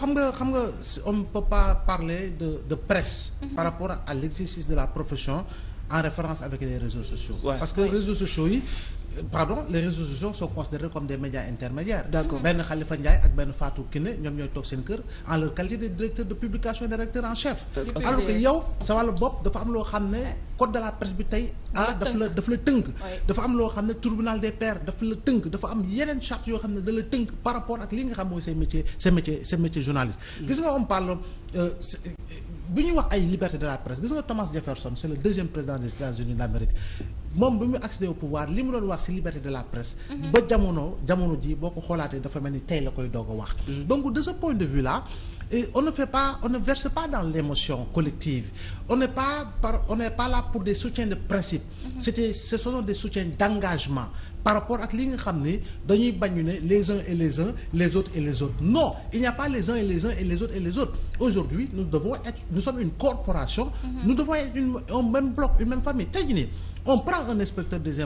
xam nga xam nga on ne peut pas parler de de presse. Mhm. par rapport à l'exercice de la profession. en référence avec les réseaux sociaux. Ouais. parce que oui. réseaux sociaux yi pardon les réseaux sociaux sont considérés comme des médias intermédiaires. d'accord benn Khalifa Ndiaye ak benn Fatou Kiné ñoom ñooy toog seen kër en leur qualité de directeur de publication et directeur en chef. Euh, alors que yow sa wàllu bopp dafa am loo xam ne code de la presse bi tey. ah daf la daf la tënk. dafa am loo xam ne tribunal des pairs daf la tënk dafa am yeneen charte yoo xam ne da la tënk par rapport ak li nga xam mooy seen métier seen métier seen métier journaliste. Mm. bi ñuy wax ay liberté de la presse gis nga Thomas Jefferson c'est le deuxième président des États-Unis d'Amérique moom bi mu accédé au pouvoir li mu doon wax ci liberté de la presse. Mhm. ba jamono jamono ji boo ko xoolaatee dafa mel ni tey la koy doog a wax. Mhm. donc de ce point de vue là. Et on ne fait pas, on ne verse pas dans l'émotion collective. On n'est pas, par, on n'est pas là pour des soutiens de principe. Mm ce sont des soutiens d'engagement par rapport à ce que les uns et les uns, les autres et les autres. Non, il n'y a pas les uns et les uns et les autres et les autres. Aujourd'hui, nous devons être, nous sommes une corporation, mhm. nous devons être une, même bloc, une même famille. On prend un inspecteur des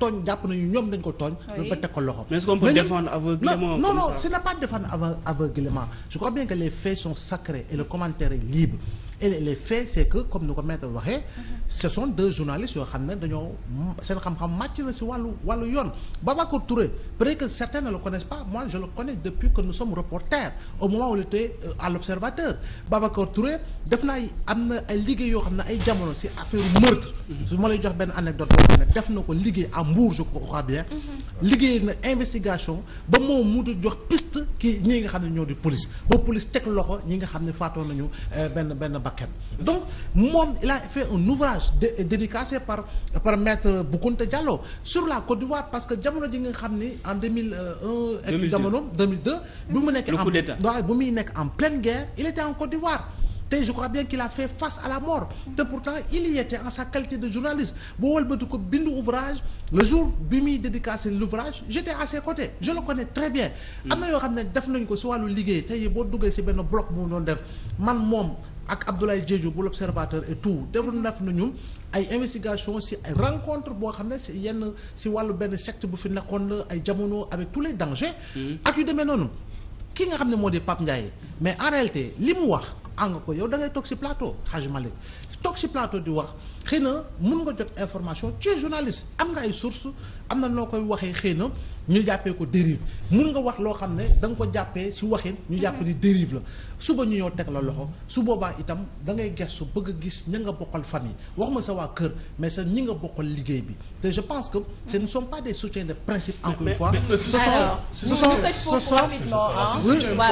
tooñ jàpp nañu ñoom dañ ko tooñ. oui ba teg ko loxo. mais est-ce qu'on peut défendre aveuglément. non non ce n'est pas défendre aveuglément je crois bien que les faits sont sacrés et le commentaire est et les c'est que comme ni ko maître waxee ce sont deux journalistes yoo xam ne dañoo seen xam-xam màcc na si wàllu wàllu yoon Babacar Touré peut-être que certains ne le connaissent pas moi je le connais depuis que nous sommes reporters au moment où il était euh, à l'observateur Babacar Touré def naa am na ay liggéey yoo xam ne ay jamono si affaire meurtre mhm. su ma lay jox benn anecdote boo xam ne def na ko liggéey am Mbour je crois bien mhm. liggéey na investigation ba moom mutu jox piste ki ñi ñoo di police ba police ñi nga xam ne faatoon nañu euh, benn benn bakk kenn donc moom il a fait un ouvrage dédicacé par par maître Boukounta Diallo sur la Côte d'Ivoire parce que jamono ji nga xam ni en 2001 ak jamono 2002 bi mu nekk en waaw bu muy nekk en pleine guerre il était en Côte d'Ivoire te je crois bien qu'il a fait face à la mort te pourtant il y était en sa qualité de journaliste boo wëlbati ko bindu ouvrage le jour bi muy dédicacé l'ouvrage j'étais à ses côtés je le connais très bien am na yoo xam ne def nañ ko si wàllu liggéey tey boo duggee si benn bloc bu mu doon def man moom ak Abdoulaye Diedhiou bu l'observateur et tout def def nañu ay investigation si ay rencontre boo xam ne si yenn si wàllu benn secte bu fi nekkoon la ay jamono avec tous les dangers mm-hmm. ak yu demee noonu ki nga xam ne moo di Pape Ndiaye mais en li mu wax àng ko yow da ngay toog si plateau Hadj Malick toog plateau di wax xëy na mun nga jot information tu es am nga ay source am na noo koy waxee xëy na ñu jàppee ko dérive mun nga wax loo xam ne da nga ko jàppee si waxin ñu jàpp di dérive la suba ñu ñëw teg la loxo su boobaa itam da ngay gëstu bëgg a gis ña nga bokkal famille wax ma sa waa kër mais sa ñi nga bokkal liggéey bi te je pense que seen ne pas des soutiens de principe encore une fois ce sont ce sont ah,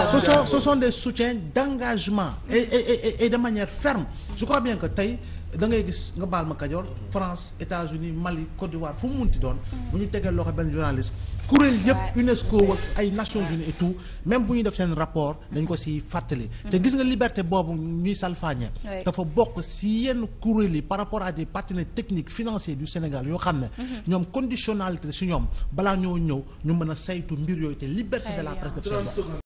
ce sont ce sont des soutiens d'engagement et et et de manière ferme je crois bien que tey da ngay gis nga baal ma Kajoor France États-Unis Mali Côte d'Ivoire fu mu munti doon bu ñu tegee loxo benn journaliste kuréel yëpp UNESCO ak ay Nations Unies et tout même bu ñu def seen rapport dañ ko si fàttali te gis nga liberté boobu ñuy salfaañe dafa bokk si yenn kuréel yi par rapport à des partenaires techniques financiers du Sénégal yoo xam ne mhm. ñoom conditionnalité si ñoom balaa ñoo ñëw ñu mën a saytu mbir yooyu te liberté de la def seen